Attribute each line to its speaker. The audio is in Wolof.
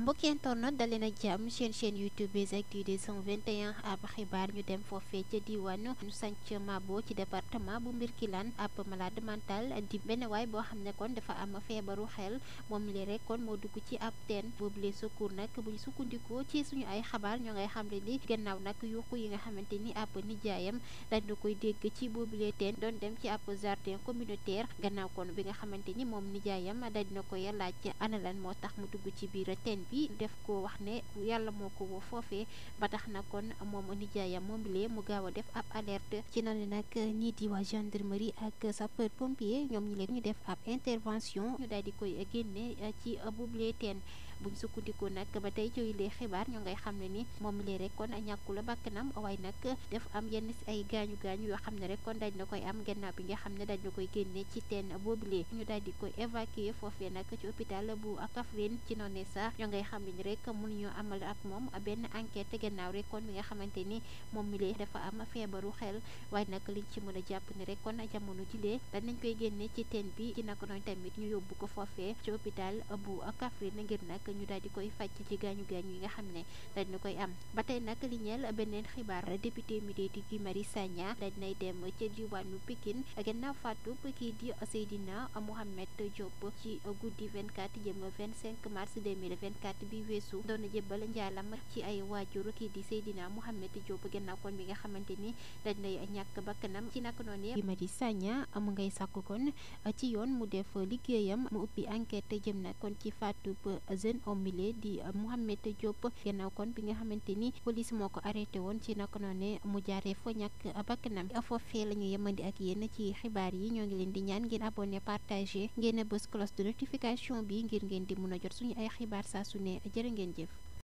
Speaker 1: mbokki internet dale na jàmm seen chaîne youtube les actus des 121 ab xibaar ñu dem foofee ca diwaanu ñu sanc Mabo ci département bu Mbirkilaan ab malade mental di benn waay boo xam ne kon dafa am feebaru xel moom li rek kon moo dugg ci ab teen boobule secours nag bu ñu sukkandikoo ci suñu ay xabaar ñoo ngay xamle ni gannaaw nag yuuxu yi nga xamante ni ab nijaayam dañu koy dégg ci boobule teen doon dem ci ab jardin communautaire gannaaw kon bi nga xamante ni moom nijaayam dañu koy laaj ana lan moo tax mu dugg ci biir teen sëriñ bi def ko wax ne yàlla moo ko woo foofee ba tax na kon moom nijaayam moom lee mu gaaw a def ab alerte ci noonu nag ñii di waa gendarmerie ak sapeur pompier ñoom ñi leen ñu def ab intervention ñu di koy génne ci bublee teen bu buñ sukkandiku nag ba tey jooyu lee xibaar ñoo ngay xam ne ni moom lee rek kon ñàkkula bakkanam waaye nag def am yenn si ay gaañu gaañu yoo xam ne rek kon dañ na koy am gannaaw bi nga xam ne dañ na koy génne ci teen boobulee ñu daal di koy évacuer foofee nag ci hôpital bu Kaffrine ci noonu sax ñoo ngay xam ne ni rek mënuñoo amal ak moom benn enquête gannaaw rek kon mi nga xamante ni moom mi lee dafa am feebaru xel waaye nag liñ ci mën a jàpp ni rek kon jamono jilee danañ koy génne ci teen bi ci naka noonu tamit ñu yóbbu ko foofe ci hôpital bu Kaffrine ngir nag que ñu daal di koy faj ci gaañu gaañu yi nga xam ne daal dina koy am ba nag li beneen xibaar député mi di Guy Marius Sagna daal dinay dem ca diwaanu Pikine gannaaw faatu kii di Seydina Mohamed bi weesu doon jébbal njaalam ci ay waajur kii di Seydina Mohamed Diop gannaaw kon bi nga xamante ni daal dinay ñàkk bakkanam ci naka noonu Guy Marius Sagna mu ngay sàkk kon ci yoon mu def liggéeyam mu ubbi enquête jëm na kon ci faatu jeune ombilé di eh, Mouhamed Diop gannaaw kon bi nga xamante ni police moo ko arrêté woon ci naka noone mu jaaree fa ñàkk bakkanam foofee la ñu yemandi ak yéen ci xibaar yi ñoo ngi leen di ñaan ngeen abonné partagé ngeen bës cloche de notification bi ngir ngeen di mun a jot suñu ay xibaar saa su ne jërë ngeen jëf